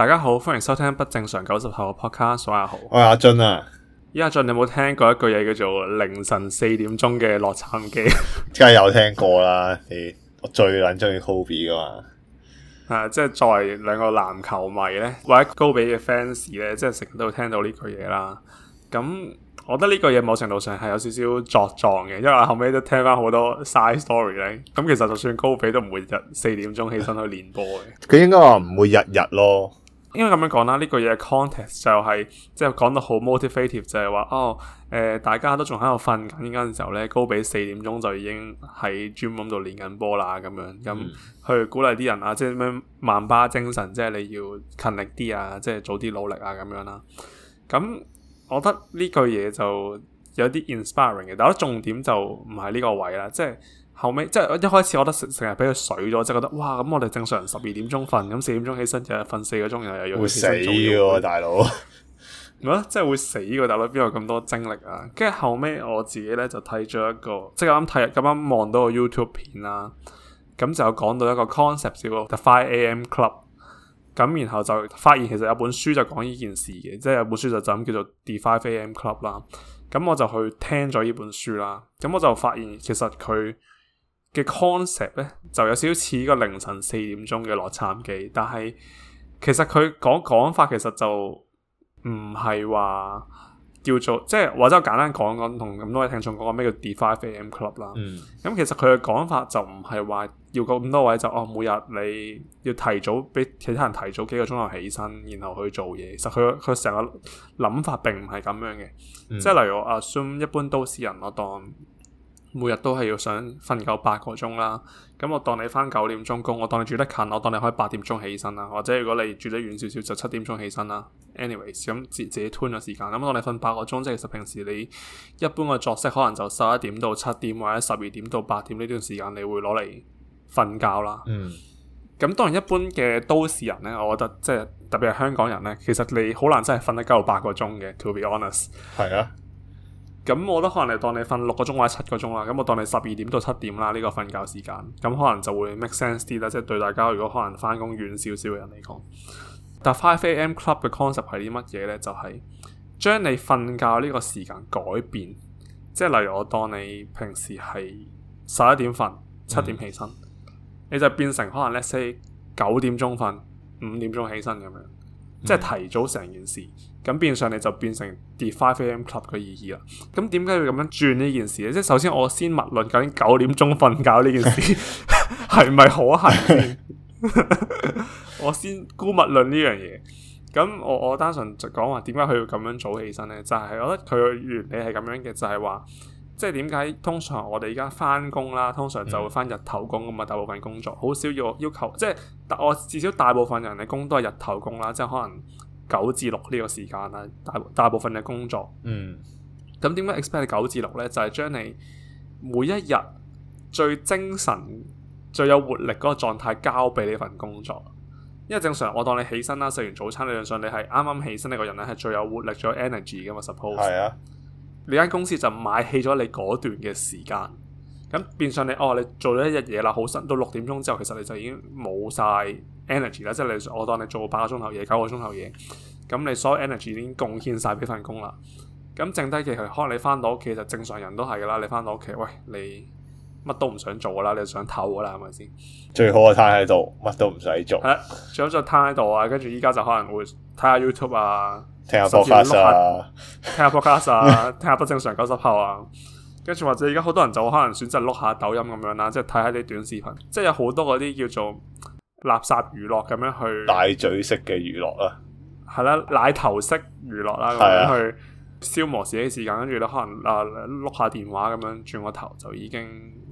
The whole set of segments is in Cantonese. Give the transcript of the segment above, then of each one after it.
大家好，歡迎收聽不正常九十後嘅 podcast，我係阿豪，我係阿俊啊。依家俊，你有冇聽過一句嘢叫做凌晨四點鐘嘅洛杉磯？梗係有聽過啦，你 我最捻中意 Kobe 噶嘛？係、啊，即係作為兩個籃球迷咧，或者科比嘅 fans 咧，即係成日都會聽到呢句嘢啦。咁，我覺得呢句嘢某程度上係有少少作狀嘅，因為後尾都聽翻好多 side story 咧。咁其實就算科比都唔會日四點鐘起身去練波嘅，佢 應該話唔會日日咯。應該咁樣講啦，呢句嘢嘅 context 就係即係講得好 motivative，就係話哦，誒、呃、大家都仲喺度瞓緊，嗰陣時候咧，高比四點鐘就已經喺 gym 度練緊波啦，咁樣咁、嗯、去鼓勵啲人啊，即係咩曼巴精神，即係你要勤力啲啊，即係早啲努力啊，咁樣啦。咁我覺得呢句嘢就有啲 inspiring 嘅，但我覺得重點就唔係呢個位啦，即係。後尾，即係一開始，我覺得成日俾佢水咗，就覺得哇，咁我哋正常十二點鐘瞓，咁四點鐘起身，又瞓四個鐘，又又要起身會死嘅大佬，咁啊 即係會死嘅大佬，邊有咁多精力啊？跟住後尾我自己咧就睇咗一個，即係啱睇，咁啱望到個 YouTube 片啦，咁就講到一個 concept 叫 The Five A.M. Club，咁然後就發現其實有本書就講呢件事嘅，即係有本書就就咁叫做 The Five A.M. Club 啦，咁我就去聽咗呢本書啦，咁我就發現其實佢。嘅 concept 咧就有少少似呢個凌晨四點鐘嘅洛杉磯，但係其實佢講講法其實就唔係話叫做即係，或者我簡單講講，同咁多位聽眾講下咩叫 The 5 AM Club 啦。咁、嗯嗯、其實佢嘅講法就唔係話要咁多位就哦，每日你要提早俾其他人提早幾個鐘頭起身，然後去做嘢。其實佢佢成個諗法並唔係咁樣嘅。嗯、即係例如我 assume 一般都市人我當。每日都係要想瞓夠八個鐘啦，咁我當你翻九點鐘工，我當你住得近，我當你可以八點鐘起身啦，或者如果你住得遠少少就七點鐘起身啦。Anyways，咁自自己吞咗時間，咁當你瞓八個鐘，即係其實平時你一般嘅作息可能就十一點到七點或者十二點到八點呢段時間，你會攞嚟瞓覺啦。嗯，咁當然一般嘅都市人咧，我覺得即係特別係香港人咧，其實你好難真係瞓得夠八個鐘嘅。To be honest，係啊。嗯嗯咁我都可能嚟當你瞓六個鐘或者七個鐘啦，咁我當你十二點到七點啦，呢個瞓覺時間，咁可能就會 make sense 啲啦，即係對大家如果可能翻工遠少少嘅人嚟講。但 Five A.M. Club 嘅 concept 係啲乜嘢呢？就係將你瞓覺呢個時間改變，即係例如我當你平時係十一點瞓七點起身，嗯、你就變成可能 let's say 九點鐘瞓五點鐘起身咁樣。即係提早成件事，咁變相你就變成 The Five AM Club 嘅意義啦。咁點解要咁樣轉呢件事咧？即係首先我先物論究竟九點鐘瞓覺呢件事係咪 可行 我先估物論呢樣嘢。咁我我單純就講話點解佢要咁樣早起身咧？就係、是、我覺得佢嘅原理係咁樣嘅，就係、是、話。即係點解通常我哋而家翻工啦，通常就會翻日頭工咁嘛？大部分工作好少要要求，即係我至少大部分人嘅工都係日頭工啦，即係可能九至六呢個時間啦，大大部分嘅工作。嗯，咁點解 expect 九至六咧？就係、是、將你每一日最精神、最有活力嗰個狀態交俾呢份工作，因為正常我當你起身啦，食完早餐，理論上你係啱啱起身，你個人咧係最有活力、最有 energy 噶嘛。Suppose 係啊。你間公司就買起咗你嗰段嘅時間，咁變相你哦，你做咗一日嘢啦，好身到六點鐘之後，其實你就已經冇晒 energy 啦，即係你我當你做八個鐘頭嘢，九個鐘頭嘢，咁你所有 energy 已經貢獻晒俾份工啦，咁剩低其實可能你翻到屋企就正常人都係噶啦，你翻到屋企，喂，你乜都唔想做噶啦，你想唞噶啦，係咪先？最好嘅攤喺度，乜都唔使做。係，最好就攤喺度啊，跟住依家就可能會睇下 YouTube 啊。聽下播客啊，聽下播客啊， 聽下不正常九十後啊，跟住或者而家好多人就可能選擇碌下抖音咁樣啦，即係睇下啲短視頻，即係有好多嗰啲叫做垃圾娛樂咁樣去。大嘴式嘅娛樂啊，係啦、啊，奶頭式娛樂啦，咁樣、啊、去消磨自己時間，跟住咧可能啊碌下電話咁樣，轉個頭就已經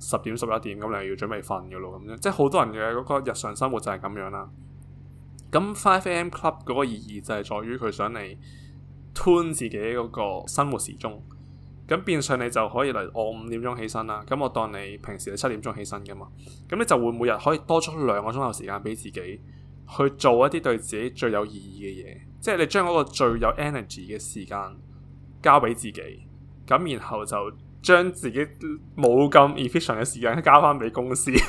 十點十一點咁，你要準備瞓嘅咯咁樣，即係好多人嘅嗰個日常生活就係咁樣啦。咁5 AM Club 嗰個意義就係在於佢想你 tune 自己嗰個生活時鐘，咁變相，你就可以嚟我五點鐘起身啦，咁我當你平時你七點鐘起身噶嘛，咁你就會每日可以多出兩個鐘頭時間俾自己去做一啲對自己最有意義嘅嘢，即係你將嗰個最有 energy 嘅時間交俾自己，咁然後就將自己冇咁 efficient 嘅時間交翻俾公司。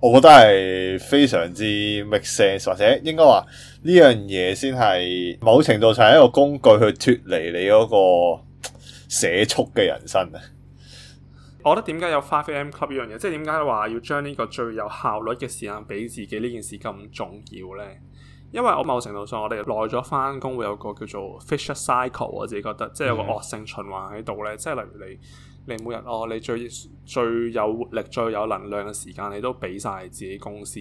我覺得係非常之 make sense，或者應該話呢樣嘢先係某程度上係一個工具去脫離你嗰個社畜嘅人生啊！我覺得點解有5 AM Club 呢樣嘢，即係點解話要將呢個最有效率嘅時間俾自己呢件事咁重要咧？因為我某程度上我哋耐咗返工會有個叫做 fisher cycle，我自己覺得即係有個惡性循環喺度咧，即係、嗯、例如你。你每日哦，你最最有活力、最有能量嘅時間，你都俾晒自己公司，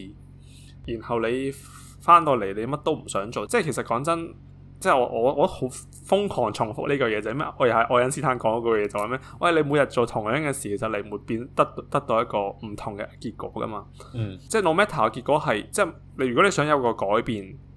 然後你翻到嚟，你乜都唔想做，即係其實講真，即係我我我好瘋狂重複呢句嘢就係咩？我又係愛因斯坦講嗰句嘢，就是，就話咩？喂，你每日做同樣嘅事，其實你唔會變得得，得到一個唔同嘅結果噶嘛？嗯，即係 no matter 嘅結果係即係你如果你想有個改變。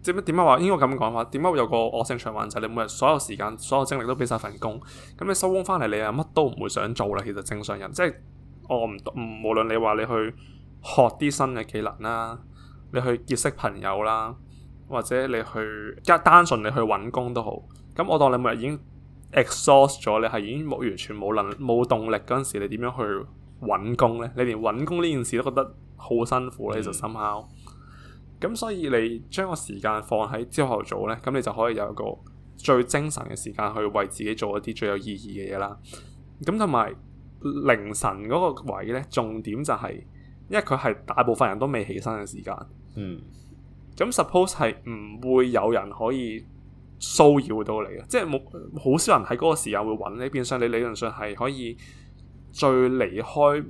即點解話應該咁講法？點解會有個惡性循環，就係、是、你每日所有時間、所有精力都畀晒份工，咁你收工翻嚟你啊，乜都唔會想做啦。其實正常人即係我唔無論你話你去學啲新嘅技能啦，你去結識朋友啦，或者你去一係單純你去揾工都好。咁我當你每日已經 exhaust 咗，你係已經冇完全冇能力冇動力嗰陣時，你點樣去揾工咧？你連揾工呢件事都覺得好辛苦咧，其實深刻。咁所以你將個時間放喺朝頭早咧，咁你就可以有一個最精神嘅時間去為自己做一啲最有意義嘅嘢啦。咁同埋凌晨嗰個位咧，重點就係，因為佢係大部分人都未起身嘅時間。嗯。咁 suppose 係唔會有人可以騷擾到你嘅，即係冇好少人喺嗰個時間會揾你，變相你理論上係可以最離開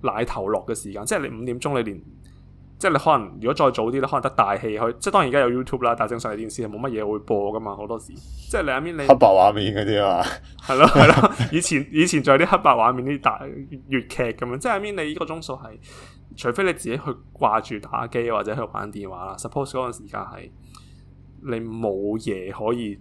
奶頭樂嘅時間，即係你五點鐘你連。即係你可能如果再早啲咧，可能得大戲去，即係當然而家有 YouTube 啦，但係正常嘅電視係冇乜嘢會播噶嘛，好多時。即係你阿邊你黑白畫面嗰啲啊，係咯係咯，以前以前仲有啲黑白畫面啲大粵劇咁樣。即係阿邊你呢個鐘數係，除非你自己去掛住打機或者去玩電話啦。Suppose 嗰個時間係你冇嘢可以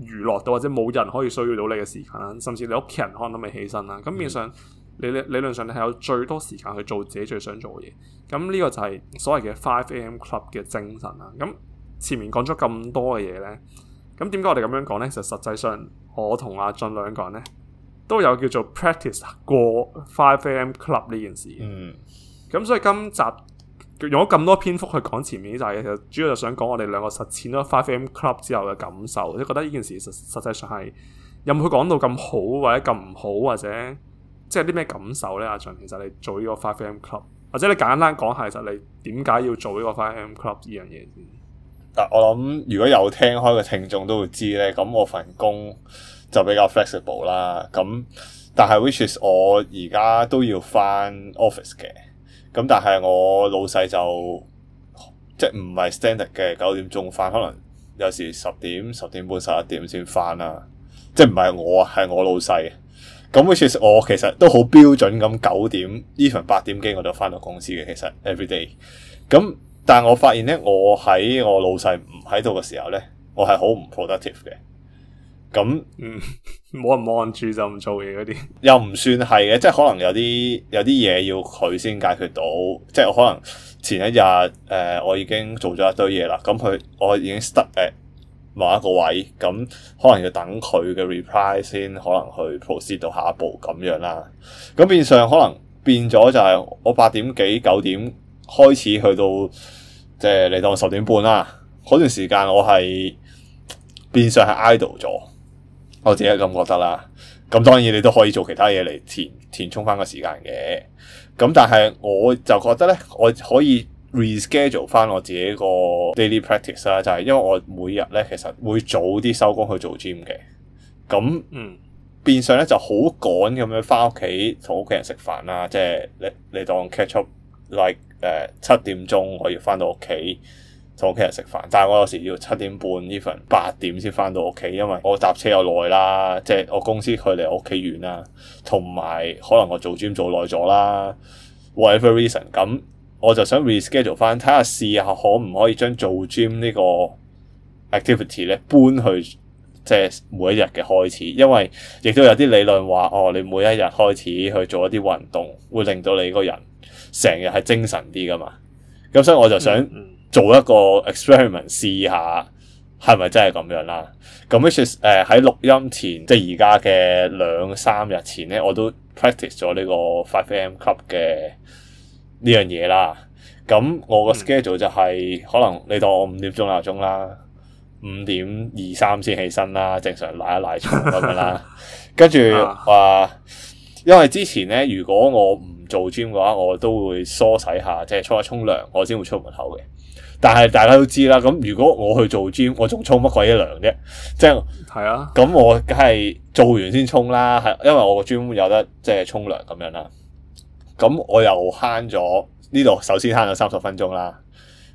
娛樂到，或者冇人可以需要到你嘅時間啦，甚至你屋企人可能都未起身啦，咁變相。嗯理理理論上你係有最多時間去做自己最想做嘅嘢，咁呢個就係所謂嘅 Five A M Club 嘅精神啦。咁前面講咗咁多嘅嘢咧，咁點解我哋咁樣講咧？其實實際上我同阿俊兩個人咧都有叫做 practice 過 Five A M Club 呢件事。嗯。咁所以今集用咗咁多篇幅去講前面呢啲嘢，其實主要就想講我哋兩個實踐咗 Five A M Club 之後嘅感受，即係覺得呢件事實實際上係有冇佢講到咁好或者咁唔好或者？即係啲咩感受咧？阿、啊、俊，其實你做呢個5 AM Club，或者你簡單講下，其實你點解要做呢個5 AM Club 呢樣嘢先？但、啊、我諗，如果有聽開嘅聽眾都會知咧。咁我份工就比較 flexible 啦。咁但係，which is 我而家都要返 office 嘅。咁但係我老細就即係唔係 standard 嘅，九點鐘返，可能有時十點、十點半、十一點先返啦。即係唔係我，係我老細。咁好似我其實都好標準咁，九點 even 八點幾我就返到公司嘅，其實 everyday。咁但係我發現咧，我喺我老細唔喺度嘅時候咧，我係好唔 productive 嘅。咁嗯，冇人望住就唔做嘢嗰啲，又唔算係嘅，即係可能有啲有啲嘢要佢先解決到，即我可能前一日誒、呃，我已經做咗一堆嘢啦，咁佢我已經 started，呃某一個位，咁可能要等佢嘅 reply 先，可能去 proceed 到下一步咁樣啦。咁變相可能變咗就係我八點幾九點開始去到，即係你當我十點半啦。嗰段時間我係變相係 idle 咗，我自己咁覺得啦。咁當然你都可以做其他嘢嚟填填充翻個時間嘅。咁但係我就覺得咧，我可以，reschedule 翻我自己個 daily practice 啦，就係因為我每日咧其實會早啲收工去做 gym 嘅，咁，嗯，變相咧就好趕咁樣翻屋企同屋企人食飯啦，即係你你當 catch up like 誒、uh, 七點鐘我要翻到屋企同屋企人食飯，但係我有時要七點半 even 八點先翻到屋企，因為我搭車又耐啦，即係我公司佢離我屋企遠啦，同埋可能我做 gym 做耐咗啦，whatever reason 咁。我就想 reschedule 翻，睇下試下可唔可以將做 gym 呢個 activity 咧搬去即係每一日嘅開始，因為亦都有啲理論話，哦，你每一日開始去做一啲運動，會令到你個人成日係精神啲噶嘛。咁所以我就想做一個 experiment 試下是是，係咪真係咁樣啦？咁 which is 誒喺錄音前，即係而家嘅兩三日前咧，我都 practice 咗呢個 five a.m. club 嘅呢樣嘢啦，咁我個 schedule 就係、是嗯、可能你當我五點鐘鬧鐘啦，五點二三先起身啦，正常賴一賴床咁樣啦，跟住話，因為之前咧，如果我唔做 gym 嘅話，我都會梳洗下，即係沖一沖涼，我先會出門口嘅。但係大家都知啦，咁如果我去做 gym，我仲沖乜鬼嘢涼啫？即係係啊，咁我梗係做完先沖啦，係因為我個 gym 有得即係沖涼咁樣啦。咁我又慳咗呢度，首先慳咗三十分鐘啦。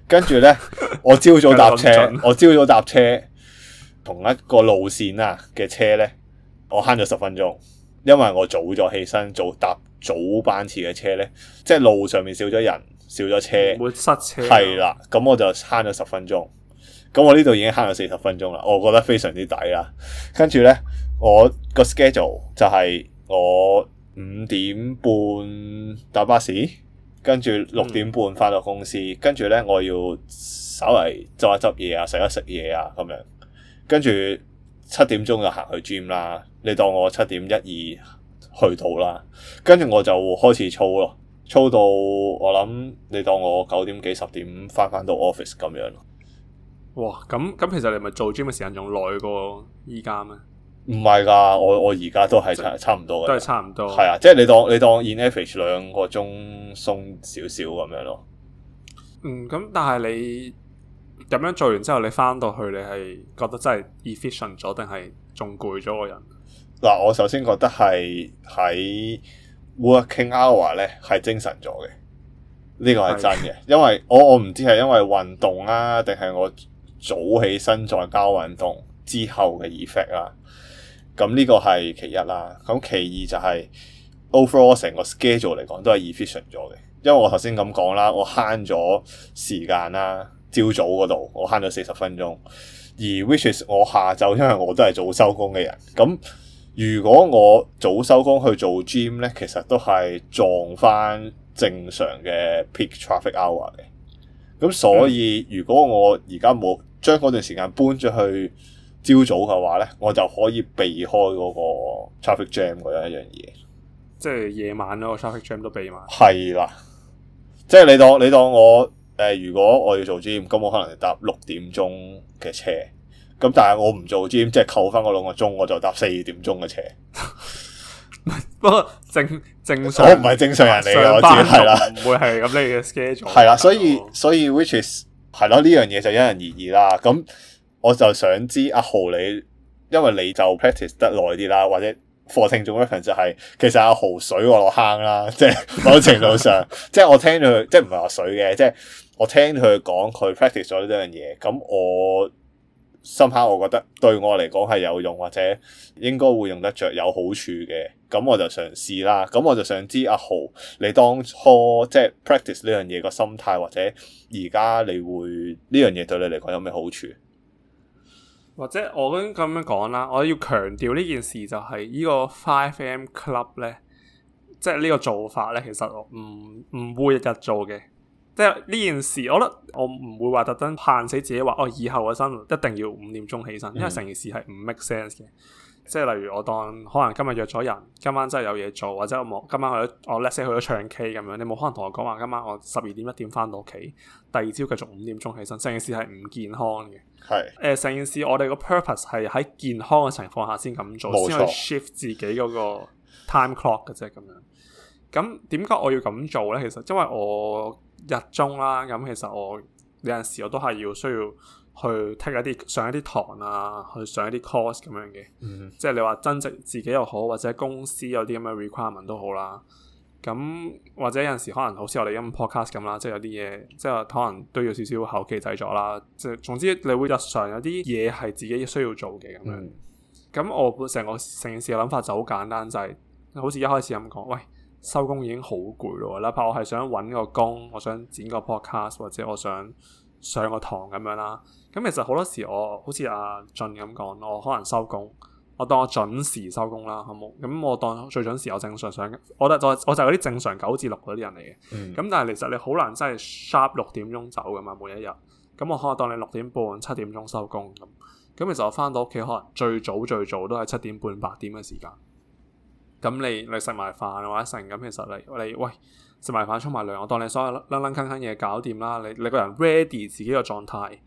跟住呢， 我朝早搭車， 我朝早搭車同一個路線啊嘅車呢，我慳咗十分鐘，因為我早咗起身，早搭早班次嘅車呢，即係路上面少咗人，少咗車，會塞車啊。係啦，咁我就慳咗十分鐘。咁我呢度已經慳咗四十分鐘啦，我覺得非常之抵啦。跟住呢，我個 schedule 就係我。五點半搭巴士，跟住六點半翻到公司，嗯，跟住咧我要稍為執一執嘢啊，食一食嘢啊咁樣，跟住七點鐘就行去 gym 啦。你當我七點一二去到啦，跟住我就開始操咯，操到我諗你當我九點幾十點翻返到 office 咁樣。哇，咁咁其實你咪做 gym 嘅時間仲耐過依家咩？唔係噶，我我而家都係差都差唔多嘅，都係差唔多，係啊，即係你當你當 in average 兩個鐘鬆少少咁樣咯。嗯，咁但係你咁樣做完之後，你翻到去你係覺得真係 efficient 咗，定係仲攰咗個人？嗱，我首先覺得係喺 working hour 咧係精神咗嘅，呢個係真嘅，的因為我我唔知係因為運動啊，定係我早起身再加運動之後嘅 effect 啦、啊。咁呢個係其一啦，咁其二就係 overall 成個 schedule 嚟講都係 efficient 咗嘅，因為我頭先咁講啦，我慳咗時間啦，朝早嗰度我慳咗四十分鐘，而 which is 我下晝因為我都係早收工嘅人，咁如果我早收工去做 gym 咧，其實都係撞翻正常嘅 peak traffic hour 嘅，咁所以如果我而家冇將嗰段時間搬咗去，朝早嘅話咧，我就可以避開嗰個 traffic jam 嗰一樣嘢，即係夜晚嗰個 traffic jam 都避埋。係啦， 即係你當你當我誒、呃，如果我要做 gym，咁我可能搭六點鐘嘅車，咁但係我唔做 gym，即係扣翻個兩個鐘，我就搭四點鐘嘅車。 不過正正常我唔係正常人嚟嘅，上班 我知係啦，唔會係咁你嘅 schedule。係啦，所以，我所以，所以 which is 係咯，呢樣嘢就因人而異啦，咁。嗯 我就想知阿豪你，因為你就 practice 得耐啲啦，或者課程中一部分就係，其實阿豪水我落坑啦，即係某程度上， 即係我聽佢，即係唔係話水嘅，即係我聽佢講佢 practice 咗呢樣嘢，咁我深刻我覺得對我嚟講係有用，或者應該會用得着，有好處嘅，咁我就嘗試啦，咁我就想知阿豪你當初即係 practice 呢樣嘢個心態，或者而家你會呢樣嘢對你嚟講有咩好處？或者我咁咁樣講啦，我要強調呢件事就係呢個5 AM Club 咧，即係呢個做法咧，其實我唔唔會日日做嘅。即係呢件事，我覺得我唔會話特登限死自己話，我、哦、以後嘅生活一定要五點鐘起身，因為成件事係唔 make sense 嘅。即係例如我當可能今日約咗人，今晚真係有嘢做，或者我冇今晚去咗我 let's say 去咗唱 K 咁樣，你冇可能同我講話，今晚我十二點一點翻到屋企，第二朝繼續五點鐘起身，成件事係唔健康嘅。係是，誒、呃，成件事我哋個 purpose 係喺健康嘅情況下先咁做，先去錯 shift 自己嗰個 time clock 嘅啫。咁樣，咁點解我要咁做咧？其實因為我日中啦，咁其實我有陣時我都係要需要。去 take 一啲上一啲堂啊，去上一啲 course 咁樣嘅，mm hmm. 即係你話增值自己又好，或者公司有啲咁嘅 requirement 都好啦。咁或者有陣時可能好似我哋音 podcast 咁啦，即係有啲嘢即係可能都要少少後期製作啦。即係總之你會日常有啲嘢係自己需要做嘅咁樣。咁、mm hmm. 我成個成件事嘅諗法就好簡單，就係、係、好似一開始咁講，喂收工已經好攰咯。哪怕我係想揾個工，我想剪個 podcast，或者我想。上個堂咁樣啦，咁其實好多時我好似阿、啊、俊咁講，我可能收工，我當我準時收工啦，好冇？咁我當最準時，我正常上，我哋就我就嗰啲正常九至六嗰啲人嚟嘅，咁、嗯、但係其實你好難真係 sharp 六點鐘走噶嘛，每一日，咁我可能當你六點半七點鐘收工咁，咁其實我返到屋企可能最早最早都係七點半八點嘅時間，咁你你食埋飯啦，成咁其實你你喂。食埋飯沖埋涼，我當你所有愣愣坑坑嘢搞掂啦。你你個人 ready 自己個狀態，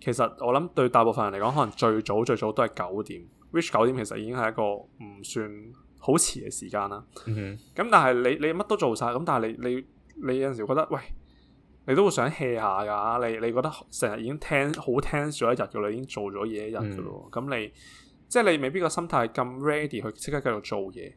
其實我諗對大部分人嚟講，可能最早最早都係九點。Which 九點其實已經係一個唔算好遲嘅時間啦。咁 Okay.、嗯、但係你你乜都做晒，咁但係你你你有陣時覺得，喂，你都會想 hea 下㗎。你你覺得成日已經聽好聽少一日嘅啦，你已經做咗嘢一日嘅咯。咁、嗯嗯、你即係你未必個心態咁 ready 去即刻繼續做嘢。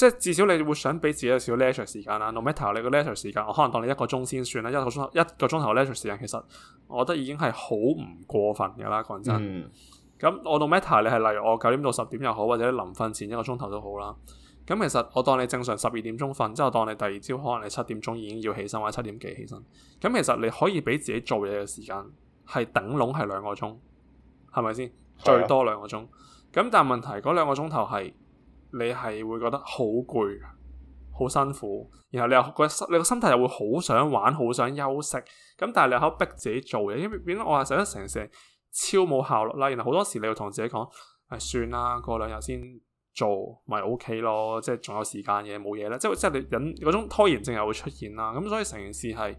即係至少你會想俾自己少少 lecture 時間啦。No matter 你個 lecture 時間，我可能當你一個鐘先算啦。一個鐘一個鐘頭 lecture 時間，其實我覺得已經係好唔過分嘅啦。講真，咁我、嗯、No matter 你係例如我九點到十點又好，或者臨瞓前一個鐘頭都好啦。咁其實我當你正常十二點鐘瞓之後，當你第二朝可能你七點鐘已經要起身或者七點幾起身。咁其實你可以俾自己做嘢嘅時間係頂籠係兩個鐘，係咪先最多兩個鐘？咁但係問題嗰兩個鐘頭係。你係會覺得好攰，好辛苦，然後你又個你個心態又會好想玩，好想休息，咁但係你又逼自己做嘢，因為變咗我話成成成超冇效率啦。然後好多時你會同自己講：誒、哎、算啦，過兩日先做咪 OK 咯，即係仲有時間嘅冇嘢咧。即係即係你忍嗰種拖延症又會出現啦。咁所以成件事係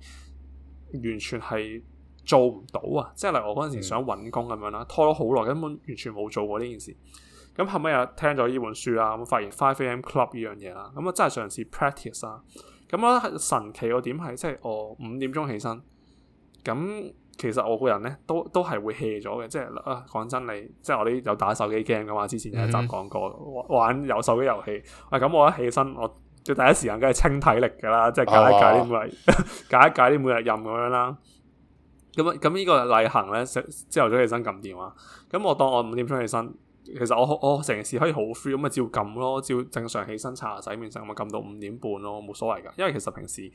完全係做唔到啊！即係例如我嗰陣時想揾工咁樣啦，嗯、拖咗好耐，根本完全冇做過呢件事。咁後尾又聽咗呢本書啦、啊，咁發現5 AM Club 呢樣嘢啦，咁啊真係嘗試 practice 啊！咁我，啊、我神奇個點係，即係我、哦、五點鐘起身。咁其實我個人咧，都都係會 hea 咗嘅，即係啊講真，你即係我啲有打手機 game 嘅話，之前有一集講過、嗯、玩有手機遊戲。咁、啊、我一起身，我最第一時間梗係清體力噶啦，即係解一解啲每、哦、 解一解啲每日任咁樣啦。咁啊，咁呢個例行咧，朝頭早起身撳電話。咁我當我五點鐘起身。其實我我成件事可以好 free，咁咪照撳咯，照正常起身刷牙洗面，就咁咪撳到五點半咯，冇所謂噶。因為其實平時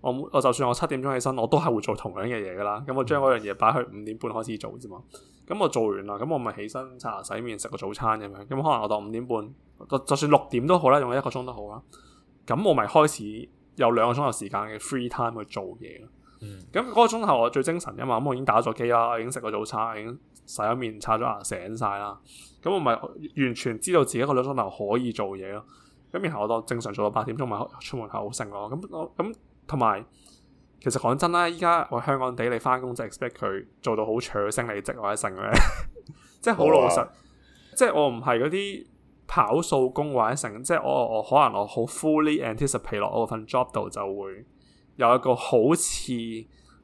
我我就算我七點鐘起身，我都係會做同樣嘅嘢噶啦。咁我將嗰樣嘢擺去五點半開始做啫嘛。咁我做完啦，咁我咪起身刷牙洗面，食個早餐咁樣。咁可能我到五點半，就算六點都好啦，用一個鐘都好啦。咁我咪開始有兩個鐘頭時間嘅 free time 去做嘢咯。咁、那、嗰個鐘頭我最精神噶嘛，咁我已經打咗機啦，已經食個早餐。已經洗咗面，擦咗牙，醒晒啦。咁我咪完全知道自己一兩個鐘頭可以做嘢咯。咁然後我到正常做到八點鐘，咪出門口好醒喎。咁我咁同埋，其實講真啦，依家我在香港地，你翻工就 expect 佢做到好搶升你職或者升嘅， 即係好、啊、老實。即係我唔係嗰啲跑數工或者升，即係我我可能我好 fully anticipate 落我份 job 度就會有一個好似。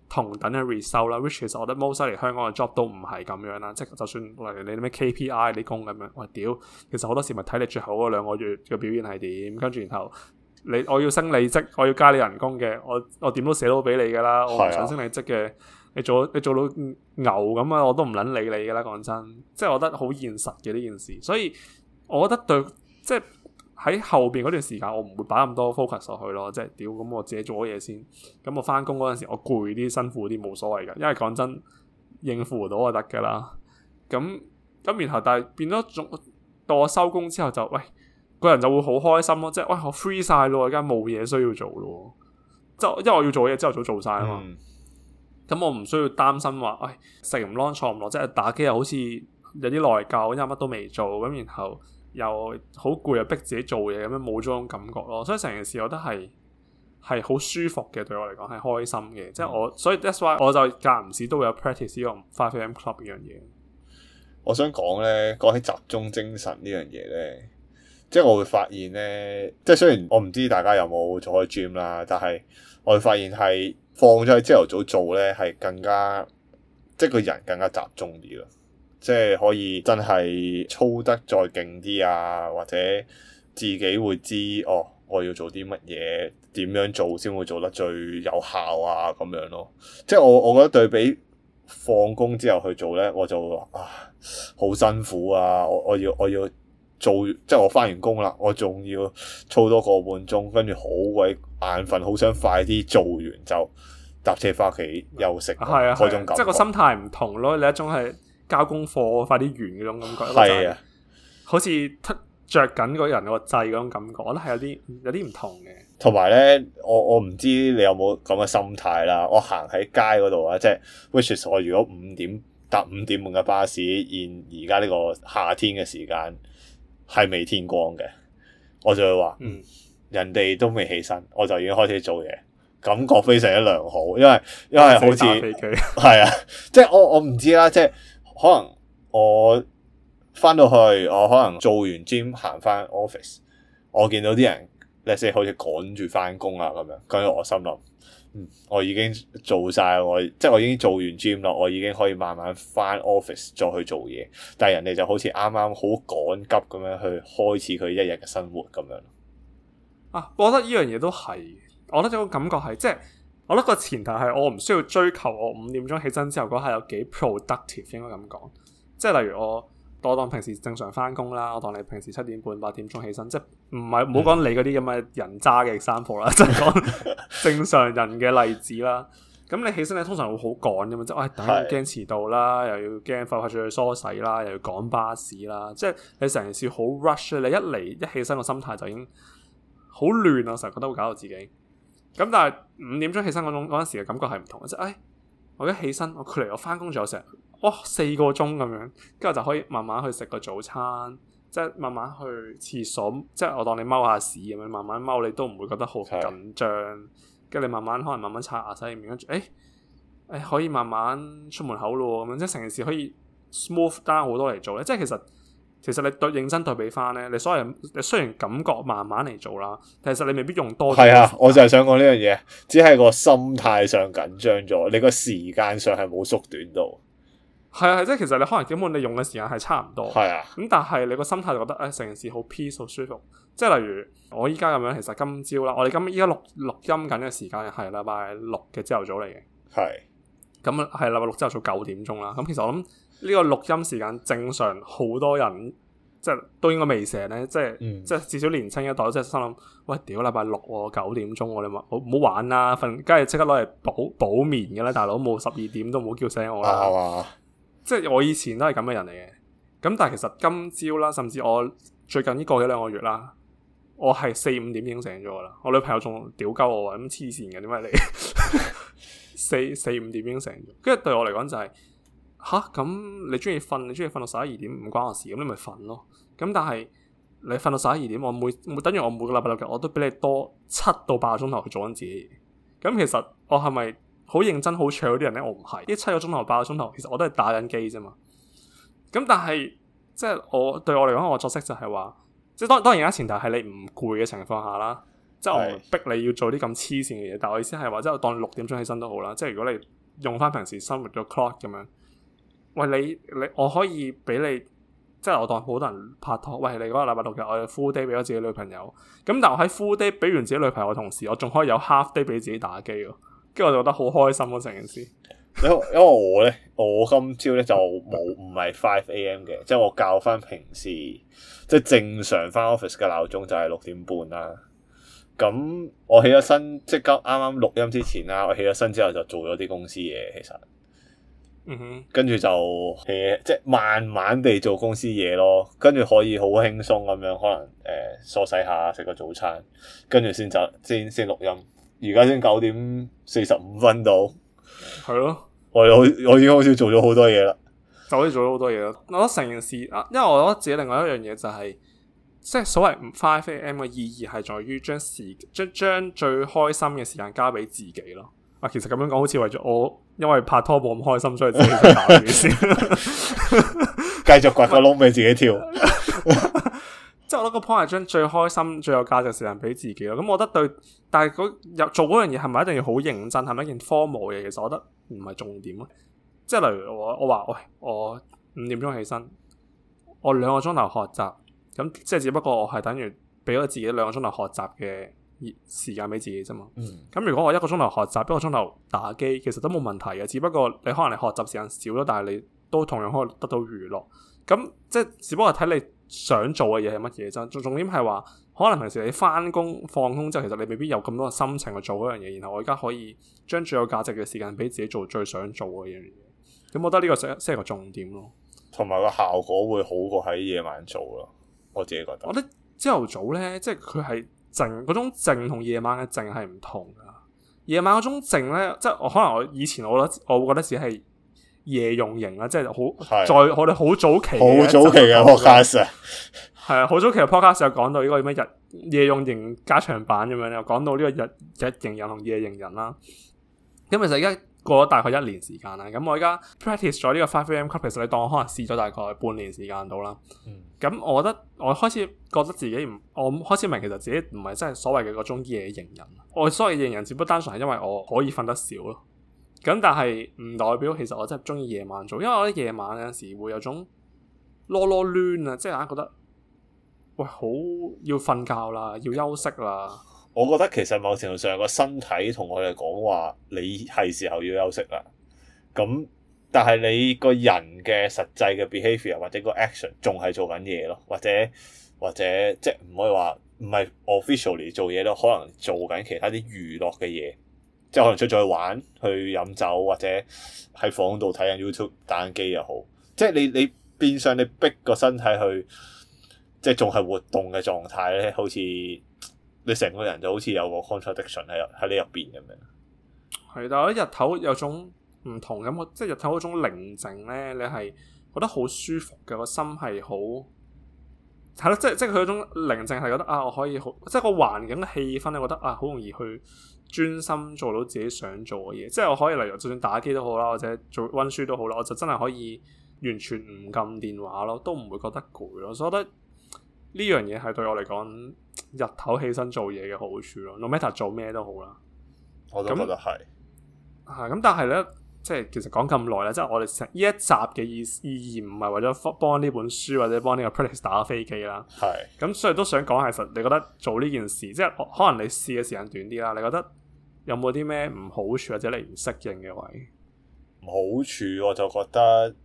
同等嘅 r e 回收啦，which 其 s 我覺得 most 嚟、like, 香港嘅 job 都唔係咁樣啦，即就算例如你啲咩 KPI 啲工咁樣，我屌，其實好多時咪睇你最後嗰兩個月嘅表現係點，跟住然後你我要升你職，我要加你人工嘅，我我點都寫到俾你噶啦，我唔想升你職嘅，是啊、你做你做到牛咁啊，我都唔撚理你噶啦，講真，即係我覺得好現實嘅呢件事，所以我覺得對即係。喺後邊嗰段時間，我唔會擺咁多 focus 落去咯，即係屌咁，我自己做咗嘢先。咁我返工嗰陣時，我攰啲、辛苦啲冇所謂嘅，因為講真應付到就得嘅啦。咁咁，然後但係變咗一種，到我收工之後就喂，個人就會好開心咯，即係喂我 free 晒咯，而家冇嘢需要做咯。即係因為我要做嘢，朝頭早做晒啊嘛。咁、嗯、我唔需要擔心話，喂食唔落、坐唔落，即係打機又好似有啲內疚，因為乜都未做。咁然後。又好攰又逼自己做嘢，咁樣冇咗種感覺咯，所以成件事我都係係好舒服嘅，對我嚟講係開心嘅，嗯、即係我所以 that's why 我就間唔時都會有 practice 呢個 five am club 呢樣嘢。我想講咧，講起集中精神呢樣嘢咧，即係我會發現咧，即係雖然我唔知大家有冇做開 gym 啦，但係我會發現係放咗去朝頭早做咧，係更加即係個人更加集中啲咯。即係可以真係操得再勁啲啊，或者自己會知哦，我要做啲乜嘢，點樣做先會做得最有效啊咁樣咯。即係我我覺得對比放工之後去做咧，我就話啊好辛苦啊！我我要我要做，即係我翻完工啦，我仲要操多個半鐘，跟住好鬼眼瞓，好想快啲做完就搭車翻屋企休息。係啊，係啊，即係個心態唔同咯。你一種係，交功課快啲完嗰種感覺係啊，的好似着緊個人個掣。嗰種感覺，我覺得係有啲有啲唔同嘅。同埋咧，我我唔知你有冇咁嘅心態啦。我行喺街嗰度啊，即係 which is 我如果五點搭五點半嘅巴士，現而家呢個夏天嘅時間係未天光嘅，我就會話，嗯，人哋都未起身，我就已經開始做嘢，感覺非常之良好，因為因為好似係啊，即係我我唔知啦，即係。可能我翻到去，我可能做完 gym 行翻 office，我見到啲人，佢哋好似趕住翻工啊咁樣，咁我心諗，嗯，我已經做晒我，即係我已經做完 gym 咯，我已經可以慢慢翻 office 再去做嘢，但係人哋就好似啱啱好趕急咁樣去開始佢一日嘅生活咁樣。啊，我覺得呢樣嘢都係，我覺得嗰種感覺係即係。我諗個前提係我唔需要追求我五點鐘起身之後嗰下有幾 productive，應該咁講。即係例如我，多當我平時正常翻工啦，我當你平時七點半八點鐘起身，即係唔係唔好講你嗰啲咁嘅人渣嘅生婆啦，即係講正常人嘅例子啦。咁 你起身咧，通常會好趕咁啊，即係哎等驚遲到啦是，又要驚快快脆去梳洗啦，又要趕巴士啦，即係你成件事好 rush。你一嚟一起身個心態就已經好亂啊，成日覺得會搞到自己。咁但係五點鐘起身嗰種嗰陣時嘅感覺係唔同，即係誒、哎，我一起身，我距離我翻工仲有成，哇、哦、四個鐘咁樣，跟住就可以慢慢去食個早餐，即係慢慢去廁所，即係我當你踎下屎咁樣，慢慢踎你都唔會覺得好緊張，跟住是你慢慢可能慢慢刷牙洗面，跟住誒誒可以慢慢出門口咯，咁樣即係成件事可以 smooth down 好多嚟做咧，即係其實。其實你對認真對比翻咧，你所有人，你雖然感覺慢慢嚟做啦，但其實你未必用多。係啊，我就係想講呢樣嘢，只係個心態上緊張咗，你個時間上係冇縮短到。係啊，即係其實你可能根本你用嘅時間係差唔多。係啊，咁但係你個心態就覺得誒，成、哎、件事好 peace 好舒服。即係例如我依家咁樣，其實今朝啦，我哋今依家錄錄音緊嘅時間係禮拜六嘅朝頭早嚟嘅。係是。咁啊，係禮拜六朝頭早九點鐘啦。咁其實我諗。呢個錄音時間正常，好多人即係都應該未醒咧，即係、嗯、即係至少年輕一代，即係心諗：喂，屌！禮拜六喎，九點鐘喎，你唔好唔好玩啦，瞓，梗係即刻攞嚟補補眠嘅啦，大佬冇十二點都唔好叫醒我啦。 即係我以前都係咁嘅人嚟嘅，咁但係其實今朝啦，甚至我最近呢個幾兩個月啦，我係四五點已經醒咗噶啦，我女朋友仲屌鳩我喎，咁黐線嘅？點解你四四,四五,五點已經醒咗？跟住對我嚟講就係、是。吓，咁你中意瞓你中意瞓到十一二點唔關我事，咁你咪瞓咯。咁但係你瞓到十一二點，我每每等於我每個禮拜六日，我都比你多七到八個鐘頭去做緊自己嘢。咁其實我係咪好認真好長啲人咧？我唔係，呢七個鐘頭八個鐘頭，其實我都係打緊機啫嘛。咁但係即係我對我嚟講，我作息就係話，即係當當然啦，前提係你唔攰嘅情況下啦。即係我逼你要做啲咁黐線嘅嘢。是但係我意思係話，即係當你六點鐘起身都好啦。即係如果你用翻平時生活嘅 clock 咁樣。喂，你你我可以俾你，即係我當好多人拍拖。喂，你嗰個禮拜六日，我 full day 俾咗自己女朋友。咁但係我喺 full day 俾完自己女朋友同時，我仲可以有 half day 俾自己打機咯。跟住我就覺得好開心咯，成件事。因因為我咧，我今朝咧就冇唔係 five a.m. 嘅。 即係我校翻平時，即係正常翻 office 嘅鬧鐘就係六點半啦、啊。咁我起咗身，即係啱啱錄音之前啦，我起咗身之後就做咗啲公司嘢，其實。嗯、跟住就嘢，即係慢慢地做公司嘢咯。跟住可以好輕鬆咁樣，可能誒梳洗下，食個早餐，跟住先走，先先錄音。而家先九點四十五分到，係咯的。我我已經好似做咗好多嘢啦，就開始做咗好多嘢啦。我覺得成件事，因為我覺得自己另外一樣嘢就係、是，即係所謂五 five a m 嘅意義係在於將時將將最開心嘅時間交俾自己咯。啊，其實咁樣講，好似為咗我，因為拍拖冇咁開心，所以自己打住先，繼 續掘個窿，俾自己跳。即 係 我諗個 point 係將最開心、最有價值嘅時間俾自己咯。咁我覺得對，但係做嗰樣嘢係咪一定要好認真，係咪一件 formal 嘅嘢？其實我覺得唔係重點咯。即係例如我，我話喂，我五點鐘起身，我兩個鐘頭學習，咁即係只不過我係等於俾咗自己兩個鐘頭學習嘅。時間俾自己啫嘛。咁、嗯、如果我一個鐘頭學習，一個鐘頭打機，其實都冇問題嘅。只不過你可能你學習時間少咗，但係你都同樣可以得到娛樂。咁即係只不過睇你想做嘅嘢係乜嘢啫。仲重點係話，可能平時你翻工放工之後，其實你未必有咁多嘅心情去做嗰樣嘢。然後我而家可以將最有價值嘅時間俾自己做最想做嘅樣嘢。咁我覺得呢個先係個重點咯。同埋個效果會好過喺夜晚做咯，我自己覺得。我覺得朝頭早咧，即係佢係。靜嗰種靜同夜晚嘅靜係唔同噶，夜晚嗰種靜咧，即係我可能我以前我咧，我會覺得只係夜用型啦，即係好是在我哋好早期，好早期嘅 podcast，啊， 係啊，好早期嘅 podcast 就講到呢個咩日夜用型加長版咁樣，又講到呢個日日型人同夜型人啦。咁其實而家。過咗大概一年時間啦，咁我而家 practice 咗呢個 five a m, m. c u p 其 s 你當我可能試咗大概半年時間到啦。咁、嗯、我覺得我開始覺得自己唔，我開始明，明其實自己唔係真係所謂嘅嗰種夜型人。我所謂夜型人，只不單純係因為我可以瞓得少咯。咁但係唔代表其實我真係中意夜晚做，因為我啲夜晚有陣時會有種攞攞攣啊，即係覺得喂好要瞓覺啦，要休息啦。 我覺得其實某程度上個身體同我哋講話，你係時候要休息啦。咁但係你個人嘅實際嘅 behaviour 或者個 action 仲係做緊嘢咯，或者或者即係唔可以話唔係 officially 做嘢咯，可能做緊其他啲娛樂嘅嘢，即係可能出咗去玩、去飲酒或者喺房度睇緊 YouTube、打緊機又好。即係你你變相你逼個身體去即係仲係活動嘅狀態咧，好似～你成個人就好似有個 contradiction 喺喺你入邊咁樣，係，但我覺得日頭有種唔同咁嘅，即係日頭嗰種寧靜咧，你係覺得好舒服嘅，個心係好係咯，即係即係佢嗰種寧靜係覺得啊，我可以好，即係個環境嘅氣氛你覺得啊好容易去專心做到自己想做嘅嘢，即係我可以例如就算打機都好啦，或者做溫書都好啦，我就真係可以完全唔撳電話咯，都唔會覺得攰咯，所以我覺得。呢樣嘢係對我嚟講，日頭起身做嘢嘅好處咯。No matter 做咩都好啦，我都覺得係。係咁，但係咧，即係其實講咁耐咧，即係我哋成呢一集嘅意意義唔係為咗幫呢本書或者幫呢個 practice 打飛機啦。係咁是，所以都想講其實，你覺得做呢件事，即係可能你試嘅時間短啲啦，你覺得有冇啲咩唔好處或者你唔適應嘅位？唔好處，我就覺得。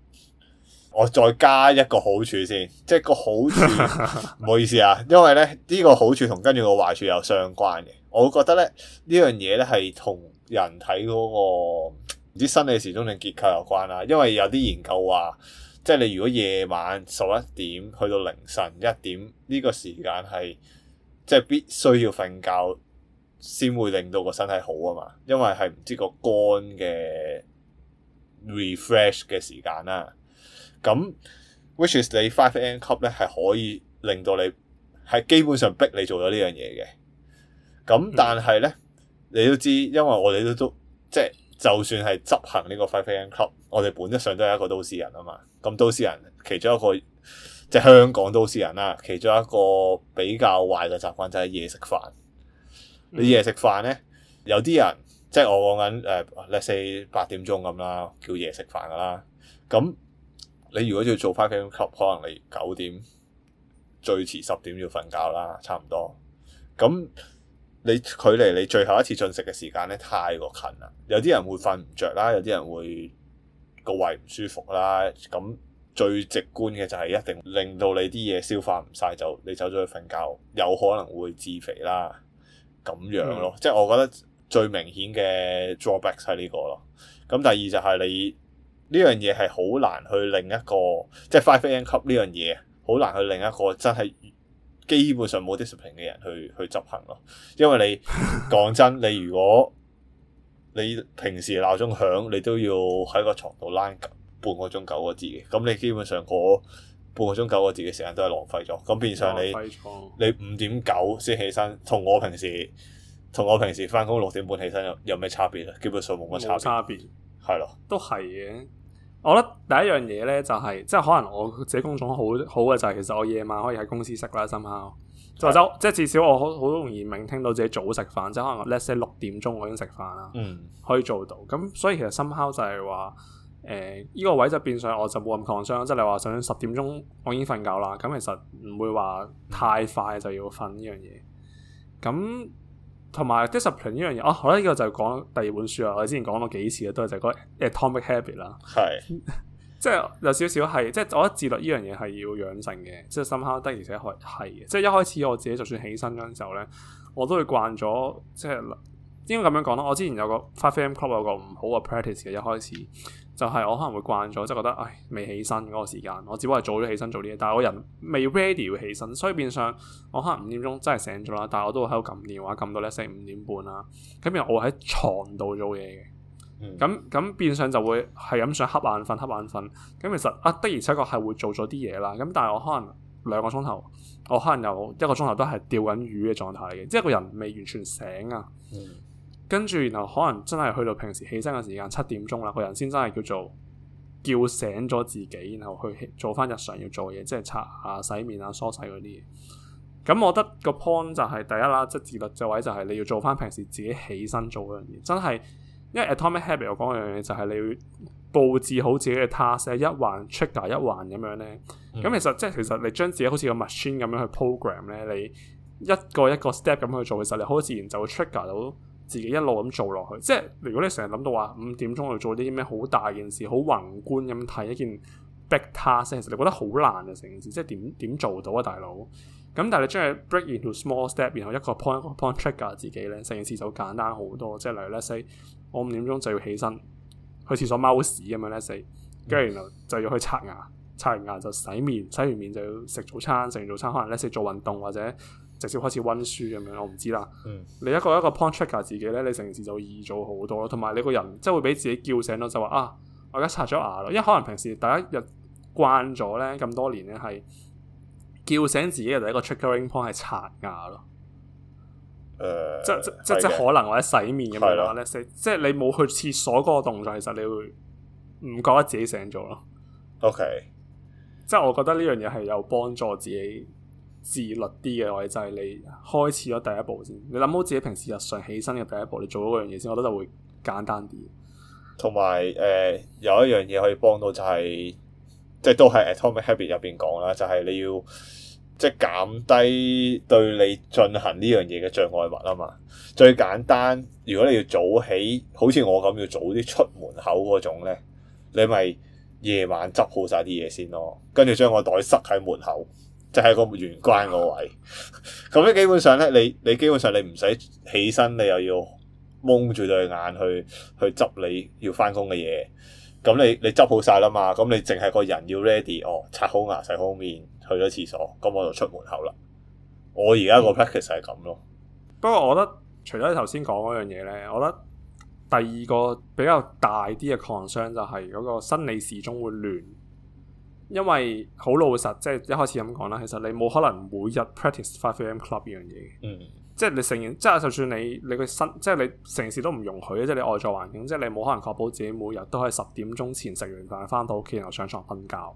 我再加一個好處先，即係個好處，唔 好意思啊，因為咧呢個好處同跟住個壞處有相關嘅。我覺得咧呢樣嘢咧係同人體嗰個唔知生理時鐘定結構有關啦。因為有啲研究話，即係你如果夜晚十一點去到凌晨一點呢個時間係即係必須要瞓覺先會令到個身體好啊嘛，因為係唔知個肝嘅 refresh 嘅時間啦。咁 which is 你5 AM Club 咧，係可以令到你係基本上逼你做咗呢樣嘢嘅。咁但係咧，你都知，因為我哋都都即係就算係執行呢個5 AM Club，我哋本質上都係一個都市人啊嘛。咁都市人其中一個即係、就是、香港都市人啦，其中一個比較壞嘅習慣就係夜食飯。嗯、你夜食飯咧，有啲人即係我講緊誒，let's say 八點鐘咁啦，叫夜食飯噶啦，咁。你如果要做翻5 AM Club，可能你九點最遲十點要瞓覺啦，差唔多。咁你距離你最後一次進食嘅時間咧太過近啦，有啲人會瞓唔着啦，有啲人會個胃唔舒服啦。咁最直觀嘅就係一定令到你啲嘢消化唔晒，就你走咗去瞓覺，有可能會致肥啦。咁樣咯，嗯、即係我覺得最明顯嘅 drawback 係呢個咯。咁第二就係你。呢樣嘢係好難去另一個，即係 five a.m. club 呢樣嘢，好難去另一個真係基本上冇 discipline 嘅人去去執行咯。因為你講 真，你如果你平時鬧鐘響，你都要喺個床度撚半個鐘九個字嘅，咁你基本上嗰半個鐘九個字嘅時間都係浪費咗。咁變相你你五點九先起身，同我平時同我平時返工六點半起身有有咩差別啊？基本上冇乜差別。差別係咯，都係嘅。我覺得第一樣嘢咧就係、是，即係可能我自己工種好好嘅就係、是，其實我夜晚可以喺公司食啦。深烤就走，即係至少我好好容易聆聽到自己早食飯，即係可能 let's say 六點鐘我已經食飯啦，嗯、可以做到。咁所以其實深烤就係話，誒、呃、依、這個位就變相我就冇咁擴張。即係你話想十點鐘我已經瞓覺啦，咁其實唔會話太快就要瞓呢樣嘢。咁同埋 discipline 呢樣嘢，哦，我覺得呢個就講第二本書啊，我之前講咗幾次啊，都係就係、是、嗰誒 Atomic Habit 啦，係是，即係 有少少係，即、就、係、是、我覺得自律呢樣嘢係要養成嘅，即係深刻得，而且係，即係、就是、一開始我自己就算起身嗰陣時候咧，我都會慣咗，即係應該咁樣講啦。我之前有個5 AM Club 有個唔好嘅 practice 嘅一開始。就係我可能會慣咗，即係覺得誒未起身嗰個時間，我只不過係早咗起身做啲嘢，但係我人未 ready 起身，所以變相我可能五點鐘真係醒咗啦，但係我都會喺度撳電話撳到咧四五點半啦，咁然後我喺床度做嘢嘅，咁咁變相就會係咁想瞌眼瞓瞌眼瞓，咁其實啊的而且確係會做咗啲嘢啦，咁但係我可能兩個鐘頭，我可能有一個鐘頭都係釣緊魚嘅狀態嘅，即係個人未完全醒啊。嗯跟住，然後可能真係去到平時起身嘅時間七點鐘啦，個人先真係叫做叫醒咗自己，然後去做翻日常要做嘅嘢，即係刷牙、洗面啊、梳洗嗰啲嘢。咁我覺得個 point 就係、是、第一啦，即、就、係、是、自律嘅位就係你要做翻平時自己起身做嗰樣嘢，真係。因為 Atomic Habit 有講一樣嘢，就係你要佈置好自己嘅 task，一環 trigger 一環咁樣咧。咁、嗯、其實即係、就是、其實你將自己好似個 machine 咁樣去 program 咧，你一個一個 step 咁去做嘅時候，你好自然就會 trigger 到。自己一路咁做落去，即係如果你成日諗到話五點鐘去做啲咩好大件事，好宏觀咁睇一件 big task，其實你覺得好難嘅成件事，即係點點做到啊，大佬？咁但係你將佢 break into small step，然後一個 point 一個 point check 下自己咧，成件事就簡單好多。即係例如咧，let's say 我五點鐘就要起身去廁所踎屎咁樣咧，let's say 跟住然後就要去刷牙，刷完牙就洗面，洗完面就要食早餐，食完早餐可能咧，let's say 做運動或者，直接開始溫書咁樣，我唔知啦。嗯、你一個一個 point check 下自己咧，你成時就易咗好多咯。同埋你個人，即係會俾自己叫醒咯，就話啊，我而家刷咗牙咯。因為可能平時第一日慣咗咧，咁多年咧係叫醒自己嘅第一個 triggering point 係刷牙咯。誒、呃，即的即即可能或者洗面咁樣話咧，的即係你冇去廁所嗰個動作，其實你會唔覺得自己醒咗咯？OK，即係我覺得呢樣嘢係有幫助自己。自律啲嘅，我哋就係、是、你開始咗第一步先，你諗好自己平時日常起身嘅第一步，你做咗嗰樣嘢先，我覺得就會簡單啲。同埋誒，有一樣嘢可以幫到、就是，就係即係都係 Atomic Habit 入邊講啦，就係、是、你要即係減低對你進行呢樣嘢嘅障礙物啊嘛。最簡單，如果你要早起，好似我咁要早啲出門口嗰種咧，你咪夜晚執好晒啲嘢先咯，跟住將個袋塞喺門口。就喺個玄關個位，咁 樣基本上咧，你你基本上你唔使起身，你又要蒙住對眼去去執你要翻工嘅嘢，咁你你執好晒啦嘛，咁你淨係個人要 ready 哦，刷好牙洗好面去咗廁所，咁我就出門口啦。我而家個 practice 係咁咯、嗯，不過我覺得除咗你頭先講嗰樣嘢咧，我覺得第二個比較大啲嘅 concern 就係嗰個生理時鐘會亂。因為好老實，即係一開始咁講啦，其實你冇可能每日 practice 5 AM Club 呢樣嘢，即係你成，即係就算你你個身，即係你成事都唔容許，即係你外在環境，即係你冇可能確保自己每日都可以十點鐘前食完飯翻到屋企，然後上床瞓覺。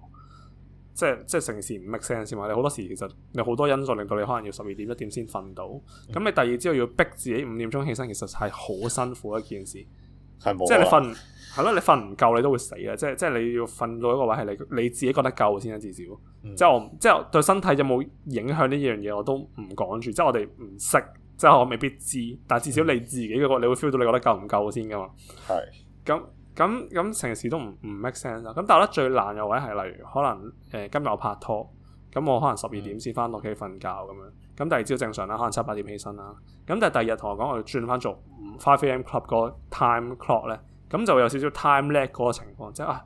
即係即係成事唔 make sense 先，你好多時其實你好多因素令到你可能要十二點一點先瞓到。咁、嗯、你第二朝要逼自己五點鐘起身，其實係好辛苦一件事。 即係你瞓。 係咯，你瞓唔夠你都會死啊！即係即係你要瞓到一個位係你你自己覺得夠先啊，至少。嗯、即係我即係對身體有冇影響呢樣嘢我都唔講住，即係我哋唔識，即係我未必知。但係至少你自己嗰個你會 feel 到你覺得夠唔夠先噶嘛？係、嗯。咁咁咁成件事都唔唔 make sense。咁但係咧最難嘅位係例如可能誒、呃、今日我拍拖，咁我可能十二點先翻到屋企瞓覺咁樣。咁、嗯、第二朝正常啦，可能七八點起身啦。咁但係第二日同我講我要轉翻做 five a.m. club 個 time clock 咧。咁就有少少 time lag 嗰個情況，即係啊，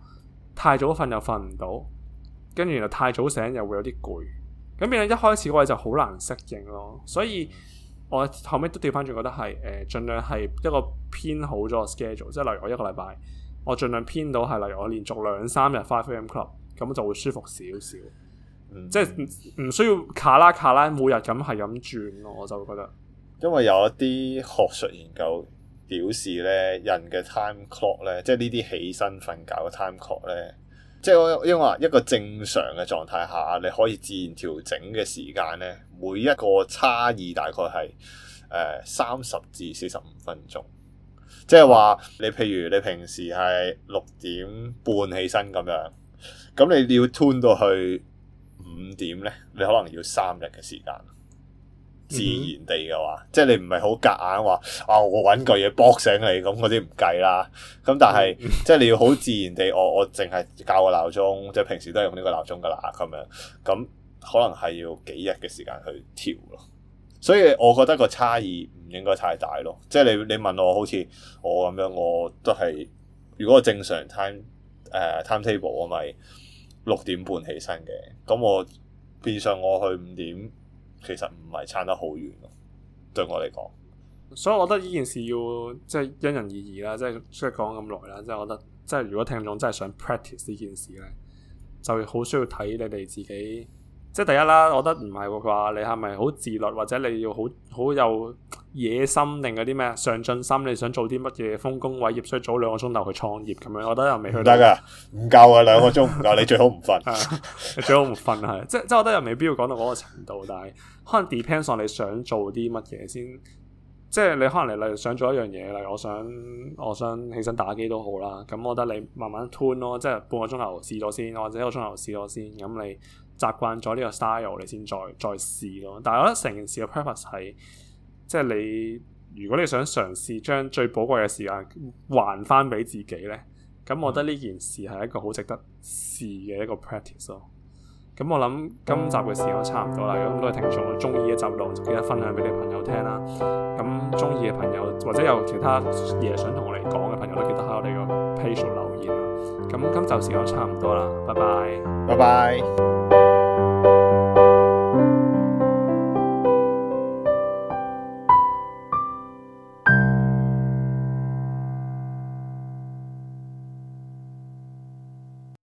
太早瞓又瞓唔到，跟住又太早醒又會有啲攰，咁變咗一開始我哋就好難適應咯。所以我後尾都調翻轉，覺得係誒、呃、盡量係一個編好咗 schedule，即係例如我一個禮拜我盡量編到係例如我連續兩三日 five AM Club，咁就會舒服少少，嗯、即係唔需要卡啦卡啦每日咁係咁轉咯。我就會覺得，因為有一啲學術研究。表示咧，人嘅 time clock 咧，即係呢啲起身瞓覺嘅 time clock 咧，即係因為一個正常嘅狀態下，你可以自然調整嘅時間咧，每一個差異大概係誒三十至四十五分鐘。即係話你譬如你平時係六點半起身咁樣，咁你要 tune 到去五點咧，你可能要三日嘅時間。自然地嘅話，即係你唔係好夾硬話啊、哦！我揾個嘢搏醒你咁嗰啲唔計啦。咁但係 即係你要好自然地，我我淨係校個鬧鐘，即係平時都係用呢個鬧鐘噶啦咁樣。咁可能係要幾日嘅時間去調咯。所以我覺得個差異唔應該太大咯。即係你你問我好似我咁樣，我都係如果我正常 time 誒、呃、time table 我咪六點半起身嘅，咁我變相我去五點。其實唔係撐得好遠咯，對我嚟講，所以我覺得呢件事要即係、就是、因人而異啦，即係即係講咁耐啦，即、就、係、是、我覺得即係、就是、如果聽眾真係想 practice 呢件事咧，就好需要睇你哋自己，即、就、係、是、第一啦，我覺得唔係話你係咪好自律，或者你要好好有。野心定嗰啲咩上進心，你想做啲乜嘢豐功偉業，所以早兩個鐘頭去創業咁樣，我覺得又未去得噶，唔夠啊兩個鐘，唔夠 你最好唔瞓，你 最好唔瞓係，即即係我覺得又未必要講到嗰個程度，但係可能 depends on 你想做啲乜嘢先，即係你可能你例如想做一樣嘢，例如我想我想起身打機都好啦，咁我覺得你慢慢 tune 咯，即係半個鐘頭試咗先，或者一個鐘頭試咗先，咁你習慣咗呢個 style 你先再再試咯，但係我覺得成件事嘅 purpose 係。即係你，如果你想嘗試將最寶貴嘅時間還翻俾自己咧，咁我覺得呢件事係一個好值得試嘅一個 practice 咯。咁我諗今集嘅時間差唔多啦，有咁多聽眾，我中意嘅集就記得分享俾你朋友聽啦。咁中意嘅朋友或者有其他嘢想同我哋講嘅朋友，都記得喺我哋個 page 度留言。咁今集時間差唔多啦，拜拜，拜拜。